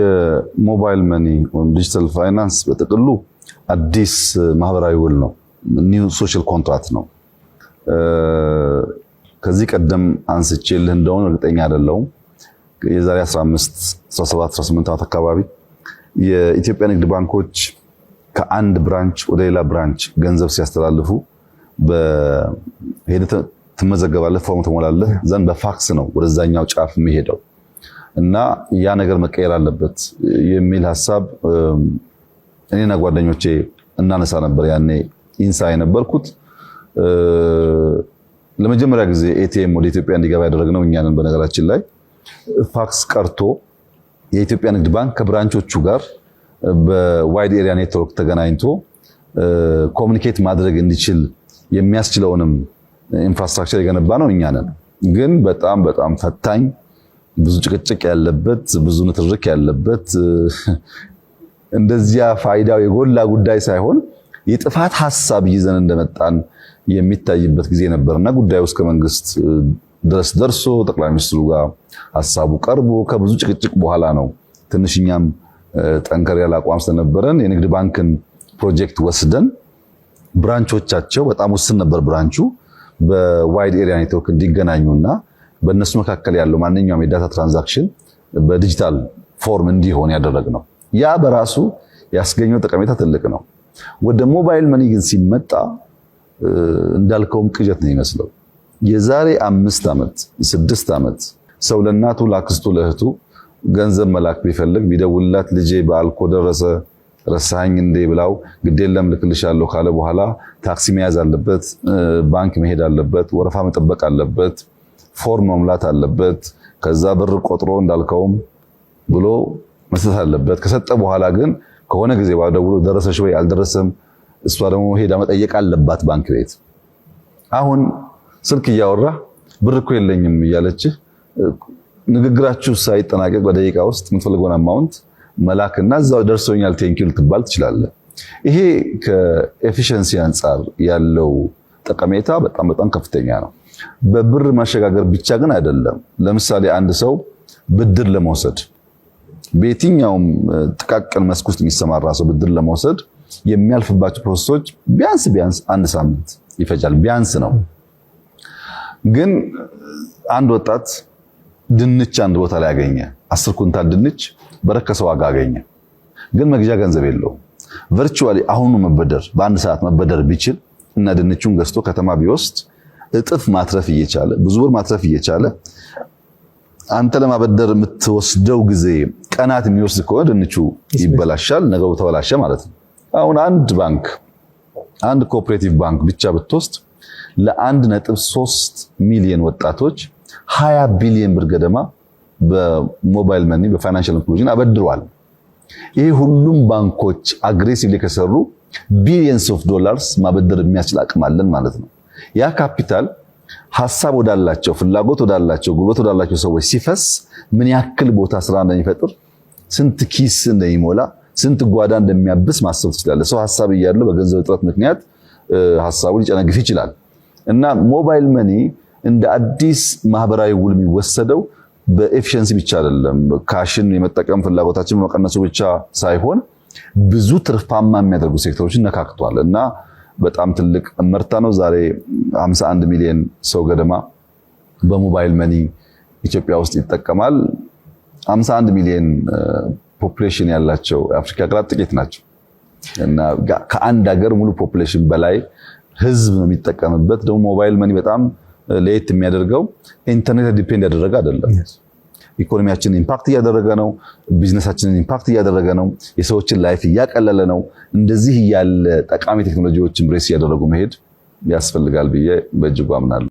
የሞባይል መኒ ወይም ዲጂታል ፋይናንስ በጥቅሉ አዲስ ማህበራዊ ውል ነው። ኒው ሶሻል ኮንትራት ነው። ከዚህ ቀደም አንስቼልህ እንደሆነ እርግጠኛ አይደለሁም። የዛሬ 15 17 18 ዓመት አካባቢ የኢትዮጵያ ንግድ ባንኮች ከአንድ ብራንች ወደ ሌላ ብራንች ገንዘብ ሲያስተላልፉ ትመዘገባለህ፣ ፎርም ትሞላለህ። ዘን በፋክስ ነው ወደዛኛው ጫፍ የሚሄደው እና ያ ነገር መቀየር አለበት የሚል ሀሳብ እኔና ጓደኞቼ እናነሳ ነበር። ያኔ ኢንሳ የነበርኩት ለመጀመሪያ ጊዜ ኤቲኤም ወደ ኢትዮጵያ እንዲገባ ያደረግነው እኛንን። በነገራችን ላይ ፋክስ ቀርቶ የኢትዮጵያ ንግድ ባንክ ከብራንቾቹ ጋር በዋይድ ኤሪያ ኔትወርክ ተገናኝቶ ኮሚኒኬት ማድረግ እንዲችል የሚያስችለውንም ኢንፍራስትራክቸር የገነባ ነው እኛ ነን። ግን በጣም በጣም ፈታኝ ብዙ ጭቅጭቅ ያለበት ብዙ ንትርክ ያለበት እንደዚያ ፋይዳው የጎላ ጉዳይ ሳይሆን የጥፋት ሀሳብ ይዘን እንደመጣን የሚታይበት ጊዜ ነበርና ጉዳዩ እስከ መንግስት ድረስ ደርሶ ጠቅላይ ሚኒስትሩ ጋር ሀሳቡ ቀርቦ ከብዙ ጭቅጭቅ በኋላ ነው ትንሽኛም ጠንከር ያለ አቋም ስለነበረን የንግድ ባንክን ፕሮጀክት ወስደን ብራንቾቻቸው በጣም ውስን ነበር ብራንቹ በዋይድ ኤሪያ ኔትወርክ እንዲገናኙ እና በእነሱ መካከል ያለው ማንኛውም የዳታ ትራንዛክሽን በዲጂታል ፎርም እንዲሆን ያደረግ ነው። ያ በራሱ ያስገኘው ጠቀሜታ ትልቅ ነው። ወደ ሞባይል መኒ ግን ሲመጣ እንዳልከውም ቅዠት ነው ይመስለው። የዛሬ አምስት ዓመት ስድስት ዓመት ሰው ለእናቱ ለአክስቱ ለእህቱ ገንዘብ መላክ ቢፈልግ ቢደውልላት ልጄ በዓል እኮ ደረሰ ረሳኝ እንዴ ብላው ግዴለም ልክልሻለሁ ካለ በኋላ ታክሲ መያዝ አለበት፣ ባንክ መሄድ አለበት፣ ወረፋ መጠበቅ አለበት፣ ፎርም መሙላት አለበት። ከዛ ብር ቆጥሮ እንዳልከውም ብሎ መስጠት አለበት። ከሰጠ በኋላ ግን ከሆነ ጊዜ ደውሎ ደረሰሽ ወይ አልደረሰም፣ እሷ ደግሞ ሄዳ መጠየቅ አለባት ባንክ ቤት። አሁን ስልክ እያወራ ብር እኮ የለኝም እያለችህ ንግግራችሁ ሳይጠናቀቅ በደቂቃ ውስጥ የምትፈልገውን አማውንት መላክና እዛው ደርሶኛል ቴንኪው ልትባል ትችላለህ። ይሄ ከኤፊሽንሲ አንጻር ያለው ጠቀሜታ በጣም በጣም ከፍተኛ ነው። በብር ማሸጋገር ብቻ ግን አይደለም። ለምሳሌ አንድ ሰው ብድር ለመውሰድ በየትኛውም ጥቃቅን መስክ ውስጥ የሚሰማራ ሰው ብድር ለመውሰድ የሚያልፍባቸው ፕሮሰሶች ቢያንስ ቢያንስ አንድ ሳምንት ይፈጃል። ቢያንስ ነው። ግን አንድ ወጣት ድንች አንድ ቦታ ላይ አገኘ። አስር ኩንታል ድንች በረከሰ ዋጋ አገኘ። ግን መግዣ ገንዘብ የለውም። ቨርቹዋሊ አሁኑ መበደር በአንድ ሰዓት መበደር ቢችል እና ድንቹን ገዝቶ ከተማ ቢወስድ እጥፍ ማትረፍ እየቻለ ብዙ ብር ማትረፍ እየቻለ አንተ ለማበደር የምትወስደው ጊዜ ቀናት የሚወስድ ከሆነ ድንቹ ይበላሻል፣ ነገሩ ተበላሸ ማለት ነው። አሁን አንድ ባንክ አንድ ኮኦፕሬቲቭ ባንክ ብቻ ብትወስድ ለአንድ ነጥብ ሶስት ሚሊዮን ወጣቶች 20 ቢሊዮን ብር ገደማ በሞባይል መኒ በፋይናንሻል ኢንክሉዥን አበድሯል። ይሄ ሁሉም ባንኮች አግሬሲቭሊ ከሰሩ ቢሊየንስ ኦፍ ዶላርስ ማበደር የሚያስችል አቅም አለን ማለት ነው። ያ ካፒታል ሀሳብ ወዳላቸው፣ ፍላጎት ወዳላቸው፣ ጉልበት ወዳላቸው ሰዎች ሲፈስ ምን ያክል ቦታ ስራ እንደሚፈጥር፣ ስንት ኪስ እንደሚሞላ፣ ስንት ጓዳ እንደሚያብስ ማሰብ ትችላለህ። ሰው ሀሳብ እያለው በገንዘብ እጥረት ምክንያት ሀሳቡ ሊጨነግፍ ይችላል እና ሞባይል መኒ እንደ አዲስ ማህበራዊ ውል የሚወሰደው በኤፊሽንሲ ብቻ አይደለም። ካሽን የመጠቀም ፍላጎታችን በመቀነሱ ብቻ ሳይሆን ብዙ ትርፋማ የሚያደርጉ ሴክተሮችን ነካክቷል እና በጣም ትልቅ እመርታ ነው። ዛሬ 51 ሚሊዮን ሰው ገደማ በሞባይል መኒ ኢትዮጵያ ውስጥ ይጠቀማል። 51 ሚሊዮን ፖፕሌሽን ያላቸው የአፍሪካ ሀገራት ጥቂት ናቸው እና ከአንድ ሀገር ሙሉ ፖፕሌሽን በላይ ህዝብ የሚጠቀምበት ደግሞ ሞባይል መኒ በጣም ለየት የሚያደርገው ኢንተርኔት ዲፔንድ ያደረገ አይደለም። ኢኮኖሚያችንን ኢምፓክት እያደረገ ነው። ቢዝነሳችንን ኢምፓክት እያደረገ ነው። የሰዎችን ላይፍ እያቀለለ ነው። እንደዚህ ያለ ጠቃሚ ቴክኖሎጂዎችን ብሬስ እያደረጉ መሄድ ያስፈልጋል ብዬ በእጅጉ አምናለሁ።